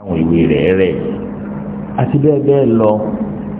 àwọn ìwé rẹ̀ rẹ̀ àti bẹ́ẹ̀ bẹ́ẹ̀ lọ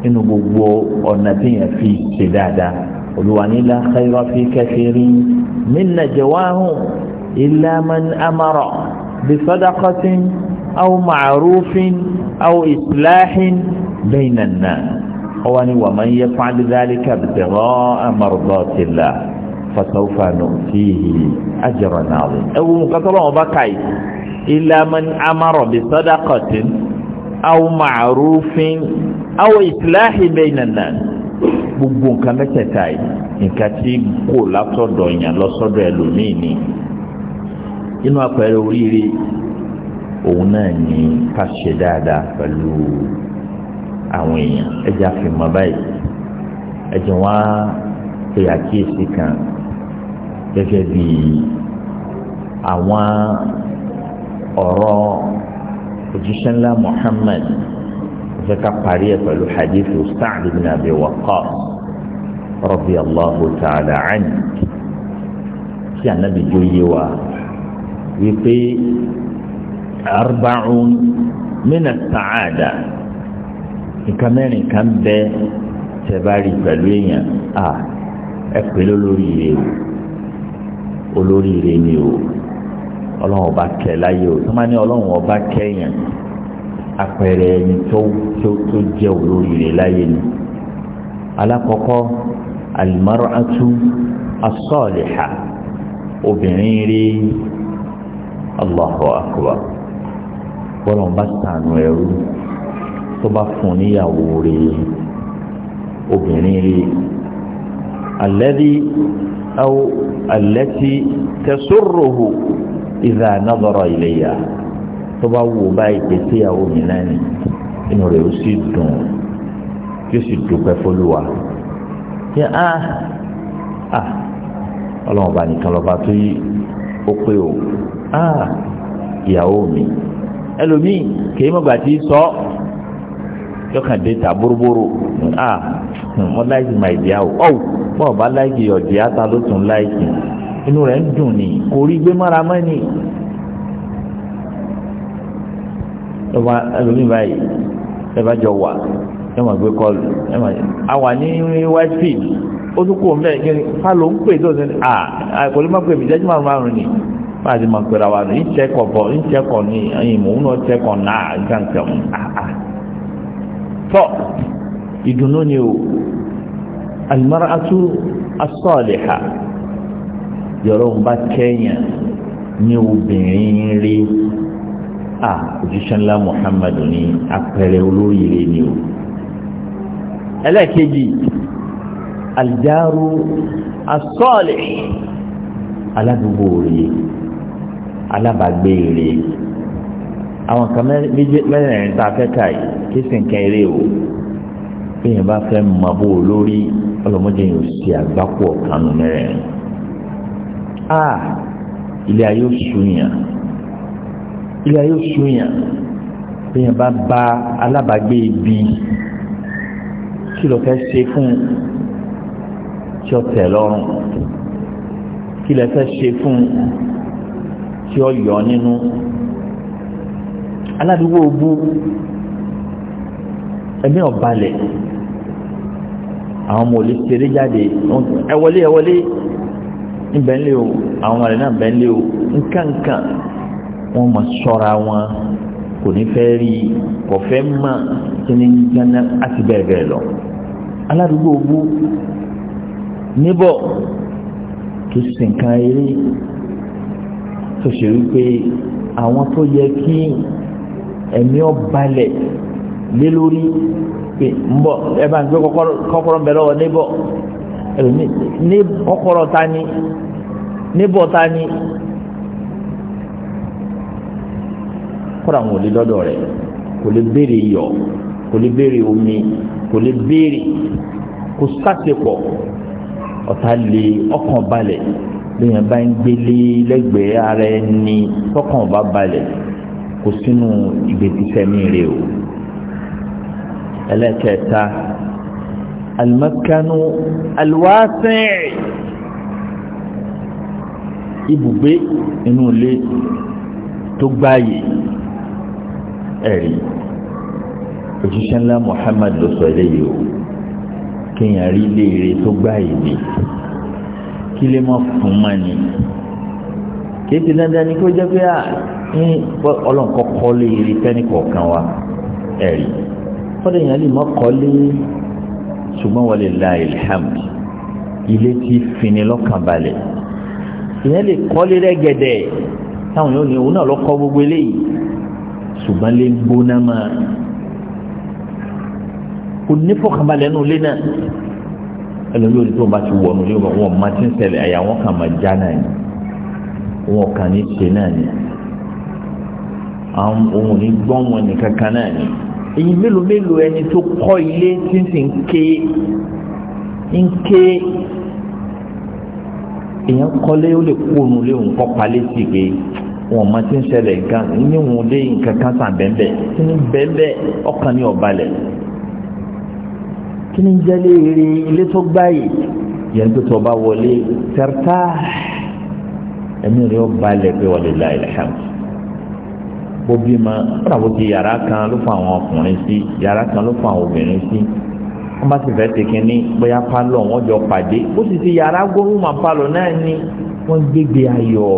nínú gbogbo ọ̀nà tí yẹn fi ṣe dáadáa olùwà nílá khayra fi kathirin min najwahum illa man amara bi sadaqatin aw ma'rufin aw islahin bayna an-nas ọwọ́ ni wa man yaf'al dhalika ibtigha'a mardatillah fasawfa nu'tihi ajran 'azima ẹ̀wù mùkátọ́lọ́wọ́n bá káyìí illa man amara bi sadaqatin aw ma'rufin aw islahi bainan nas gbogbo nǹkan mẹ́tẹ̀ẹ̀ta yìí nǹkan tí kò látọ̀dọ̀ yàn lọ́sọ́dọ̀ ẹlòmíì ni inú àpẹẹrẹ oríire òun náà ní ká ṣe dáadáa pẹ̀lú àwọn èèyàn ẹja fi mọ báyìí ẹjẹ wọn á àkíyèsí kan gẹ́gẹ́ bí àwọn ọ̀rọ̀ òjíṣẹ́ ńlá Muhammad fẹ́ ká parí ẹ̀ pẹ̀lú hadithu Sa'd ibn Abi Waqqas radiyallahu ta'ala anhu tí ànábì jó yé wa wípé arba'un mina sa'ada nǹkan mẹ́rin kan bẹ tẹ̀bárì pẹ̀lú èèyàn à ẹ pẹ̀lú olóríire o olóríire ni o ọlọ́run ọba kẹ láyé o sọ́mání ọlọ́run ọba kẹyàn apẹ̀rẹ̀ ẹni tó tó tó jẹ́ olóríire láyé ni alákọ̀ọ́kọ́ alimaratu asọ́ọ̀lìhà obìnrin rí Allahu akbar bọ́lọ̀n bá sànù ẹrú tó bá fún níyàwó rí obìnrin rí alẹ́dí aw alẹ́tí tẹ̀sọ́rọ̀hù. ìdá nàbọ̀rọ̀ ilé yá tó bá wù ú báyìí pé mi náà ni inú rẹ̀ ó si dùn kí si sì dúpẹ́ fọlùwà kí á à ọlọ́run nìkan lọ́ba tó yí ó pé o á ah, ìyàwó mi ẹlòmíì kìí mọ̀gbà tí sọ yọkàn déta bórobóró à ah, hmm, mo láìkì máa ìdíyàwó ọ̀ bọ́ọ̀ bá láìkì ọ̀dìyà ta ló inú rẹ̀ ń dùn ní kò rí gbé mọ́ra mọ́ ni ẹ̀wà ẹlòmíì báyìí ẹ̀bá jọ wà ẹ̀ mà gbé kọ́ọ̀lù ẹ̀ mà a wà ní whitefield ó tún kò mẹ́rin kí ni fa ló ń pè tó ṣe à kò lè má pè mí jẹ́jú márùn márùn ni má ti má pera wa ní ìṣẹ́kọ̀ bọ̀ ìṣẹ́kọ̀ ní ìmọ̀ òun náà ṣẹ́kọ̀ náà ìṣàǹtẹ̀ ọ̀hún tọ́ ìdùnnú ni o al-mar'atu as-salihah bí ọlọ́run bá kẹ́yìn ní obìnrin rí a òṣìṣẹ́ ńlá muhammadu ní apẹ̀rẹ̀ olóríire ni o ẹlẹ́ẹ̀kejì alìjáru asọ́ọ̀lẹ̀ aládùúgbò rè alábàgbé rè àwọn kan mẹ́rẹ̀ẹ̀rin tá a fẹ́ ká yìí kí sì ń kẹ́ eré o bí yẹn bá fẹ́ mọ̀ bó ọlọ́mọdé yìí ò sí àgbákò ọ̀kanù mẹ́rẹ̀ẹ̀rin a ah, ilé ayé ó sunyàn ilé ayé ó sunyàn bẹ́ẹ̀ bá ba alábàágbé ibi kí ló fẹ́ ṣe fún tí ó tẹ̀ lọ́rùn kí ló fẹ́ ṣe fún tí ó yọ nínú aládùúgbò bú ẹ̀mí ọ̀balẹ̀ àwọn ọmọ òlé ṣeré jáde ẹ̀wọlé ẹ̀wọlé ń bẹ nílé o àwọn ọmọ rẹ̀ náà ń bẹ nílé o nkankan wọ́n mọ̀ sọ́ra wọn kò ní fẹ́ rí kò fẹ́ mọ̀ ni gánà àti bẹ́ẹ̀ bẹ́ẹ̀ lọ aládùúgbò bú níbọ̀ tó sì nǹkan eré tó ṣe wípé àwọn tó yẹ kí ẹ̀mí ọ̀balẹ̀ lé lórí pé ń ẹ bá ń gbé kọ́kọ́rọ́ ń bẹ lọ́wọ́ níbọ̀ ní kọ́kọ́rọ́ ta ni níbọ̀ ta ni kọ́ra wọn ò lè lọ́dọ̀ rẹ̀ kò lè béèrè iyọ̀ kò lè béèrè omi kò lè béèrè kò sásepọ̀ ọ̀tá lè ọkàn balẹ̀ lèèyàn bá ń gbélé lẹ́gbẹ̀ẹ́ ara ẹni tọkàn bá balẹ̀ kò sínú ìgbèkísẹ́mí rẹ̀ o ẹlẹ́kẹ̀ẹ́ta alimakanu alwaasẹ́ẹ̀ ibùgbé inú ilé tó gbáàyè ẹ̀rí òṣìṣẹ́ ńlá Muhammad ló sọ eléyìí o kéèyàn rí léèrè tó gbáàyè ni kí lè má fún má ni kìí ti dandan ni kó jẹ́ pé à ń ọlọ́nkọ́ kọ́ léèrè tẹ́nì kọ̀ọ̀kan wa ẹ̀rí fọ́dọ̀ yẹn lè má kọ́ lé ṣùgbọ́n wọlé la ilé ti fini lọ́kàn ìyẹn lè kọ́lé rẹ́gẹ̀dẹ̀ táwọn yóò ní òun náà lọ́kọ́ gbogbo eléyìí ṣùgbọ́n lè gbóná máa kò ní fọkànbalẹ̀ nù lé náà ẹlòmíì òdi tó ń bá ti wọ̀ nù lé wọn wọn máa ti ń ṣẹlẹ̀ àyà wọn kàn máa já náà ni wọn kàn ní ṣe náà ni àwọn òun gbọ́n wọn ní kankan náà ni èyí mélòó mélòó ẹni tó kọ́ ilé tí ń sì ń ké ń ké èèyàn kọ́lé ó lè kóònù lé òun kọ́ palé sí pé wọn ma ti ń ṣẹlẹ̀ nǹkan ní wọn lé nǹkan kan sàn bẹ́ẹ̀ kí ni bẹ́ẹ̀ ọkàn ní ọ̀ba lẹ̀ kí ni jẹ́lé rí ilé tó gbáyé yẹn tó tọ́ bá wọlé tẹ̀rẹ̀tà ẹ̀mí rẹ̀ ọba lẹ̀ pé wọlé láìláhàm bóbi ma ó dàbò ti yàrá kan ló fún àwọn ọkùnrin sí yàrá kan ló fún àwọn obìnrin sí wọ́n bá sì fẹ́ tèkín ní bóyá pálọ̀ wọ́n jọ pàdé ó sì ti yàrá gbóhùn mà pálọ̀ náà ni wọ́n gbégbé ayọ̀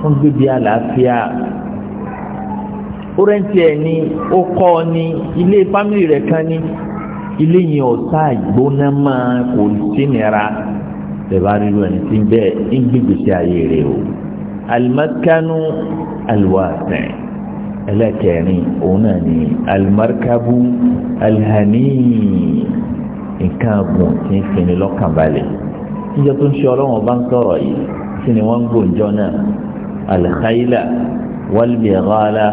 wọ́n gbégbé àlàáfíà ó rẹ́ǹtì ẹ̀ ni ó kọ́ ọ ní ilé fámìlì rẹ̀ kan ní ilé yẹn ọ̀tá ìgbóná máa kò sínira bẹ̀rẹ̀ arírú ẹni tí ń bẹ́ ń gbégbèsè ayé rẹ̀ o alimakanu alwaasẹ̀ ẹlẹ́kẹ̀rin òun náà ni alimarikabu alihani nǹkan àgùn tí ń fini lọ́kàn balẹ̀ níjọ tó ń ṣe ọlọ́wọ́n bá ń sọ̀rọ̀ yìí kí ni wọ́n ń gbòǹjọ náà alxayla walbighala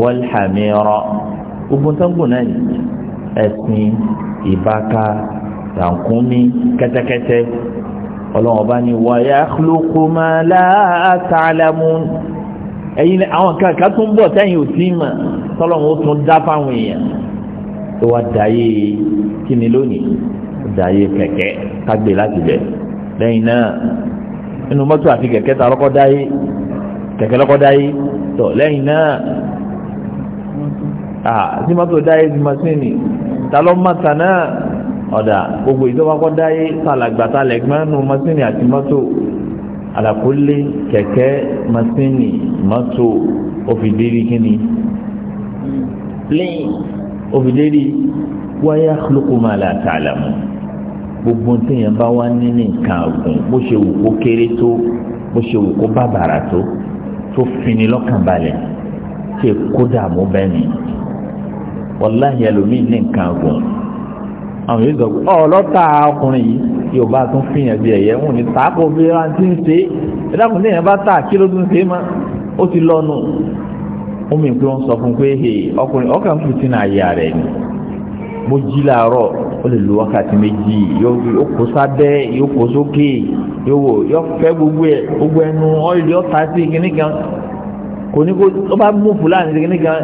walhamira gbogbo tó ń gbò náà yìí ẹ̀sìn ìbáka tàǹkúmí kẹ́tẹ́kẹ́tẹ́ ọlọ́wọ́n bá ní wáyà lókùnmá látàlámù ẹ̀yin àwọn kankan tó ń bọ̀ sẹ́yìn ò mà tọ́lọ́wọ́n ó tún dá fáwọn èèyàn tó wá dayé kíni lónìí dayé kẹ̀kẹ́ kágbé láti bẹ̀ lẹ́yìn náà nínú mọ́tò àti kẹ̀kẹ́ ta lọ́kọ́ dayé kẹ̀kẹ́ lọ́kọ́ dayé tọ̀ lẹ́yìn náà ah tí mọ́tò dayé ti masini ta lọ́ mọ́ta náà ọ̀dà gbogbo ìjọba dayé tàlàgbà tàlẹ̀gbọ́n nínú masini àti mọ́tò àlàkólé kẹ̀kẹ́ masini mọ́tò òfìdírí kíni lẹ́yìn obìlérí wáyà lókùnmá làtàlámù gbogbo téèyàn bá wá ní nǹkan ọ̀gbìn bó ṣe wù kó kéré tó bó ṣe wù kó bàbàrà tó tó fini lọ́kàn balẹ̀ ṣe kó dààmú bẹ́ẹ̀ ni wàláhì ẹlòmíì ní nǹkan ọ̀gbìn àwọn yóò sọ ọlọ́ta ọkùnrin yìí yóò bá tún fìyàn bí ẹ̀yẹ́ wọn ni tààkò bí wọn ti ń ṣe é ẹ̀dá kùn téèyàn bá tà kí ló tún ṣe é mọ́ ó ti lọ́nu ó mi pé sọ fún pé ọkùnrin ọkàn fìtí náà yà ni mo jí làárọ̀ ó lè lo wákàtí méjì yóò kó sábẹ́ yóò kó sókè yóò gbogbo ẹ̀ gbogbo ẹnu ọ̀rẹ́dì ọ̀tá sí kinní kan kò ní kó ó bá mú fúlàní sí kan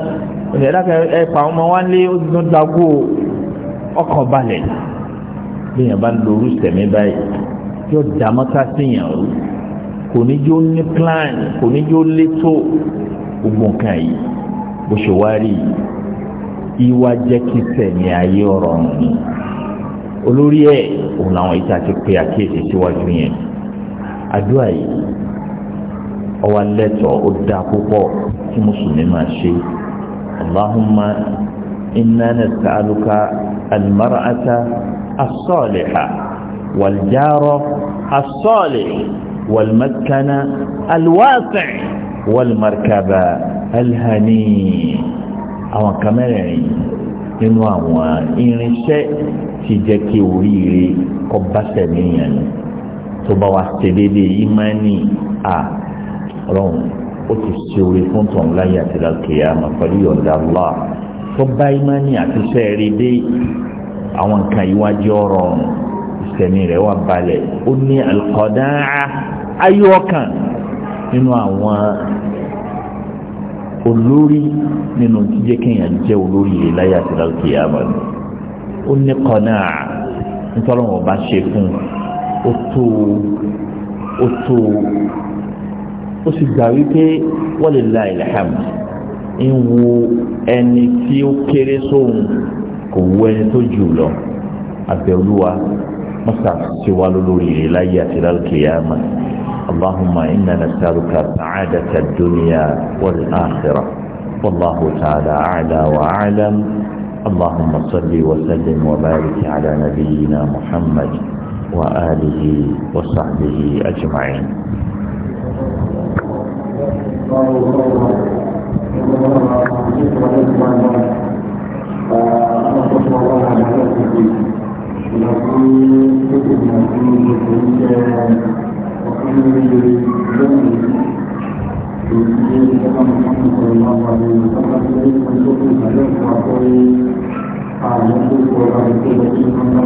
pa ọmọ wa lé ó ti tún gbogbo nǹkan yìí bó ṣe wá rí ìwà jẹ́ kí sẹ̀mí ayé ọ̀rọ̀ ni olórí ẹ̀ òun làwọn ìta ti pe àkíyèsí síwájú yẹn àdúrà yìí ọwọ́ lẹ́tọ̀ọ́ ó dáa púpọ̀ tí mùsùlùmí máa ṣe allahumma inna nas'aluka almar'ata as-saliha wal jara as-salih wal wọ́lmarkaba alhani àwọn kamẹ́rẹ̀ yìí nínú àwọn irinṣẹ́ ti jẹ́ kí oríire kọ́ bá sẹ̀mí yẹn ni tó bá wa ṣe déédéé ìmánì à rọrùn ó ti ṣe orí fún tọ̀hún láyé àti lákèyà àmọ́ pẹ̀lú yọ̀ǹda tó bá ìmánì àti sẹ́ẹ̀rí dé àwọn nǹkan ìwájú ọ̀rọ̀ ìsẹ̀mí rẹ̀ wà balẹ̀ ó ní alqadaa ayọ̀ kan nínú àwọn olórí nínú jíjẹ́ kéèyàn jẹ́ olórí yìí láyé àti láti yàrá ni ó ní kọ́nà nítorí wọn bá ṣe fún ó tó ó tó ó sì gbà wípé walillahi alhamd ń wo ẹni tí ó kéré sóhun kò wo ẹni tó jù lọ àbẹ̀olúwa mọ́sàkì ti wá lórí yìí láyé àti láti yàrá ni. اللهم إنا نسألك سعادة الدنيا والآخرة والله تعالى أعلى وأعلم اللهم صل وسلم وبارك على نبينا محمد وآله وصحبه أجمعين Thank you.